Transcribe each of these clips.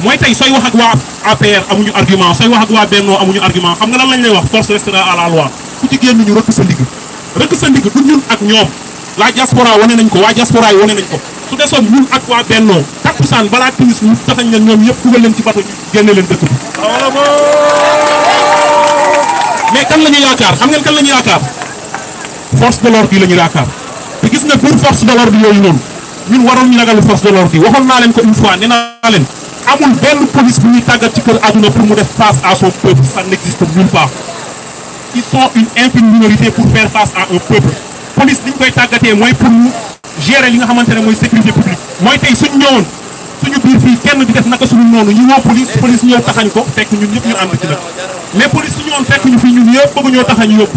mooy tey sooy wax ak waa APR amuñu argument sooy wax ak waa Bennoo amuñu argument xam nga lan lañ wax force restera à la ku ci génn ñu rëkk sa ndigg rëkk sa ndigg du ñun ak ñoom la diaspora wane nañ ko waa diaspora yi wone nañ ko su desoon ñun ak waa Bennoo takkusaan balaa timis leen ñoom ñëpp dugal leen ci bato ñu génne leen ñu yaakaar xam ngeen kan la ñu yaakaar force de l'ordre yi la ñu yaakaar te gis nga ñu ragalu force de l'ordre yi waxoon naa leen leen amul benn police bu ñuy tàggat ci kër àdduna pour mu def face à son peuple ça n'existe nulle part ils sont une infime minorité pour faire face à un peuple police li koy tàggatee mooy pour ñu gérer li nga xamante ne mooy sécurité publique mooy tey suñ ñëwoon suñu biir fii kenn di def naka suñu noonu ñu woo police police ñëw taxañ ko fekk ñun ñëpp ñu ànd ci la mais police su ñëwoon fekk ñu fii ñun yëpp bëgg ñoo taxañ yóbbu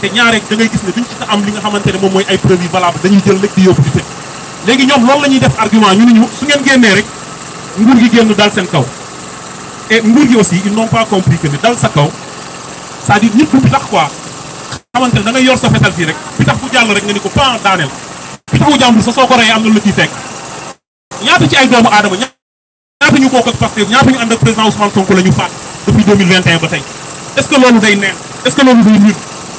te ñaareel da ngay gis ne duñ ci am li nga xamante ne moom mooy ay preuve valable dañuy jël rek di yóbbu di tëj léegi ñoom loolu la ñuy def argument ñu ne ñu su ngeen génnee rek nguur gi génn dal seen kaw et nguur gi aussi ils n'ont pas compris que ne dal sa kaw c'est-à-dire nit ku pitax quoi xamante ne da yor sa fetal fii rek pitax bu jàll rek nga ni ko pan daaneel pitaxu jàmbur sa soo ko reyee am na lu ciy fekk ñaata ci ay doomu aadama ñaata ñu bokk ak Pastef ñaata que loolu day neen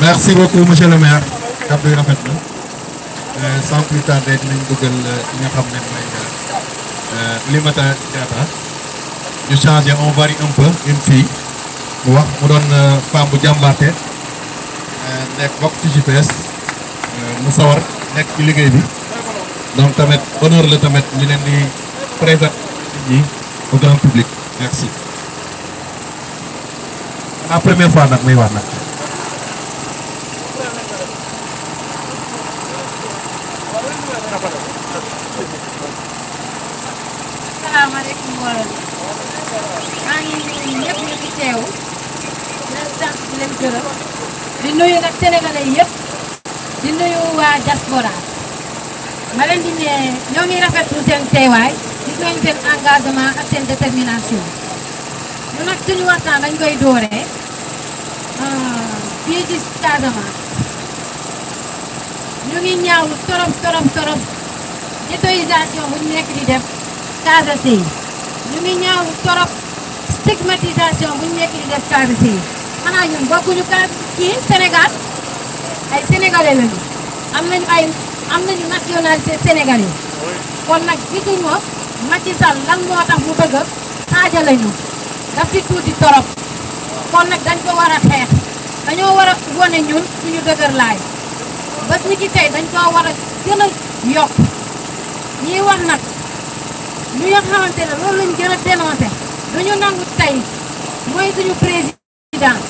merci beaucoup monsieur le maire cap de rafet na euh sans plus tarder dinañ dugal euh, li nga moy euh mooy Oulimata Diatta ñu changé on varie un peu une fille mu wax mu don euh, femme bu jambaté euh nek bok ci GPS euh mu sawar nek ci liguey bi donc tamit honneur le tamit ñu len di présent ñi au grand public merci la première fois nak muy wax nak salaamaaleykum mbooloo mi maa ngi nuyu ñëpp ñu fi teew leen sant leen gërëm di nuyu nag sénégalais yëpp di nuyu waa diaspora ma leen di ne ñoo ngi rafetlu seen teewaay gis nañ seen engagement ak seen détermination ñu nag suñu waxtaan dañ koy dooree euh, fii ci Casamance minyaawul torop torop torop ghettoisation bu ñu nekk di def Casa si ñu ngi ñaawul torop stigmatisation bu nekk di def Casa si xanaa ñun bokkuñu Casa kii Sénégal ay sénégalais lañu am nañu ay am nañu nationalité sénégalais kon nag gisuma Macky Sall lan moo tax mu bëgg a xaajale ñu daf ci tuuti torop kon nag dañ ko war a xeex dañoo war a wane ñun suñu dëgër laay bés ni ki tey dañ koo war a gën yokk ñiy wax nag ñu nga xamante ne loolu lañ gën a dénoncé dañu nangu tey mooy suñu président